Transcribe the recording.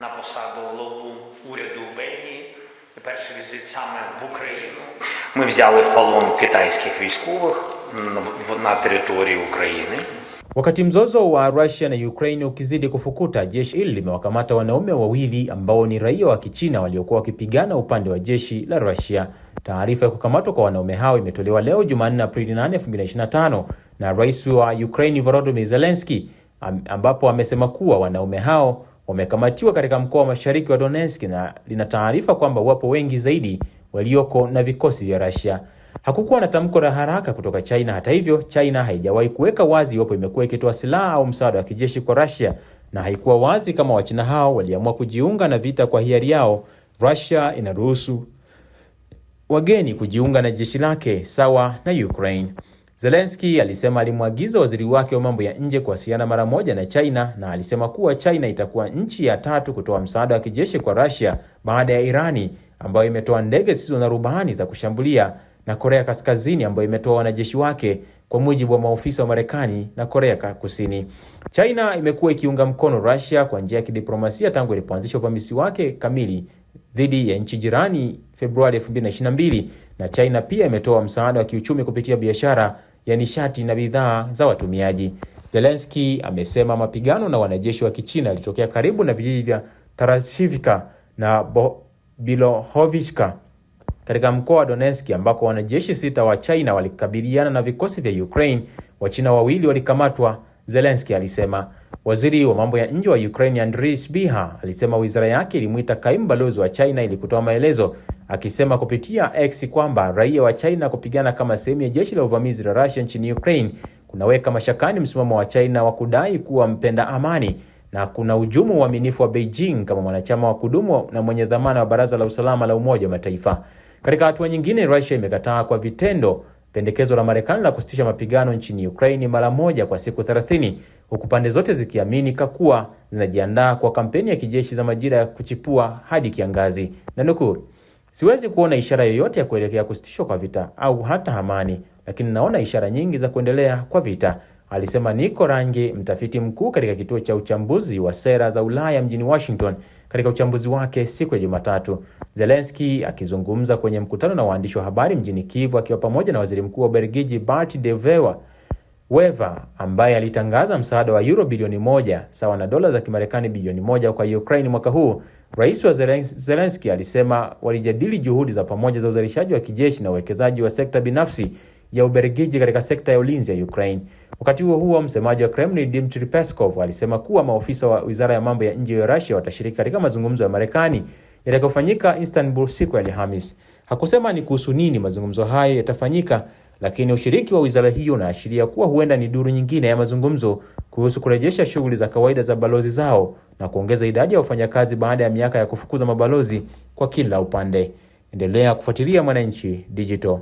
на посаду главу уряду в Бельгії. Перший візит саме в Україну. Ми взяли в полон китайських військових на території України. Wakati mzozo wa Russia na Ukraine ukizidi kufukuta, jeshi hili limewakamata wanaume wawili ambao ni raia wa Kichina waliokuwa wakipigana upande wa jeshi la Russia. Taarifa ya kukamatwa kwa wanaume hao imetolewa leo Jumanne, Aprili 8, 2025 na Rais wa Ukraine Volodymyr Zelensky, ambapo amesema kuwa wanaume hao wamekamatiwa katika mkoa wa mashariki wa Donetsk na lina taarifa kwamba wapo wengi zaidi walioko na vikosi vya Russia. Hakukuwa na tamko la haraka kutoka China. Hata hivyo, China haijawahi kuweka wazi iwapo imekuwa ikitoa silaha au msaada wa kijeshi kwa Russia, na haikuwa wazi kama Wachina hao waliamua kujiunga na vita kwa hiari yao. Russia inaruhusu wageni kujiunga na jeshi lake sawa na Ukraine. Zelensky alisema alimwagiza waziri wake wa mambo ya nje kuwasiliana mara moja na China na alisema kuwa China itakuwa nchi ya tatu kutoa msaada wa kijeshi kwa Russia baada ya Irani ambayo imetoa ndege zisizo na rubani za kushambulia na Korea Kaskazini ambayo imetoa wanajeshi wake kwa mujibu wa maofisa wa Marekani na Korea Kusini. China imekuwa ikiunga mkono Russia kwa njia ya kidiplomasia tangu ilipoanzisha uvamizi wake kamili dhidi ya nchi jirani Februari 2022 na China pia imetoa msaada wa kiuchumi kupitia biashara ya nishati na bidhaa za watumiaji. Zelensky amesema mapigano na wanajeshi wa Kichina yalitokea karibu na vijiji vya Tarashivka na bilohovichka katika mkoa wa Donetsk ambako wanajeshi sita wa China walikabiliana na vikosi vya Ukraine. Wachina wawili walikamatwa, Zelensky alisema. Waziri wa mambo ya nje wa Ukraine, Andriy Sybiha, alisema wizara yake ilimwita kaimu balozi wa China ili kutoa maelezo akisema kupitia X kwamba raia wa China kupigana kama sehemu ya jeshi la uvamizi la Russia nchini Ukraine kunaweka mashakani msimamo wa China wa kudai kuwa mpenda amani na kuna ujumu uaminifu wa, wa Beijing kama mwanachama wa kudumu na mwenye dhamana wa Baraza la Usalama la Umoja wa Mataifa. Katika hatua nyingine, Russia imekataa kwa vitendo pendekezo la Marekani la kusitisha mapigano nchini Ukraine mara moja kwa siku 30, huku pande zote zikiamini kakuwa zinajiandaa kwa kampeni ya kijeshi za majira ya kuchipua hadi kiangazi. Nanukuu, Siwezi kuona ishara yoyote ya kuelekea kusitishwa kwa vita au hata amani, lakini naona ishara nyingi za kuendelea kwa vita, alisema niko Rangi, mtafiti mkuu katika kituo cha uchambuzi wa sera za Ulaya mjini Washington, katika uchambuzi wake siku ya Jumatatu. Zelensky akizungumza kwenye mkutano na waandishi wa habari mjini Kiev akiwa pamoja na waziri mkuu wa Ubelgiji Bart De Wever Weva ambaye alitangaza msaada wa euro bilioni moja sawa na dola za Kimarekani bilioni moja kwa Ukraine mwaka huu, Rais wa Zelensky alisema walijadili juhudi za pamoja za uzalishaji wa kijeshi na uwekezaji wa sekta binafsi ya Ubelgiji katika sekta ya ulinzi ya Ukraine. Wakati huo huo, msemaji wa Kremlin Dmitry Peskov alisema kuwa maofisa wa Wizara ya Mambo ya Nje ya Russia watashiriki katika mazungumzo ya Marekani yatakayofanyika Istanbul siku ya Alhamisi. Hakusema ni kuhusu nini mazungumzo hayo yatafanyika lakini ushiriki wa wizara hiyo unaashiria kuwa huenda ni duru nyingine ya mazungumzo kuhusu kurejesha shughuli za kawaida za balozi zao na kuongeza idadi ya wafanyakazi baada ya miaka ya kufukuza mabalozi kwa kila upande. Endelea kufuatilia Mwananchi Digital.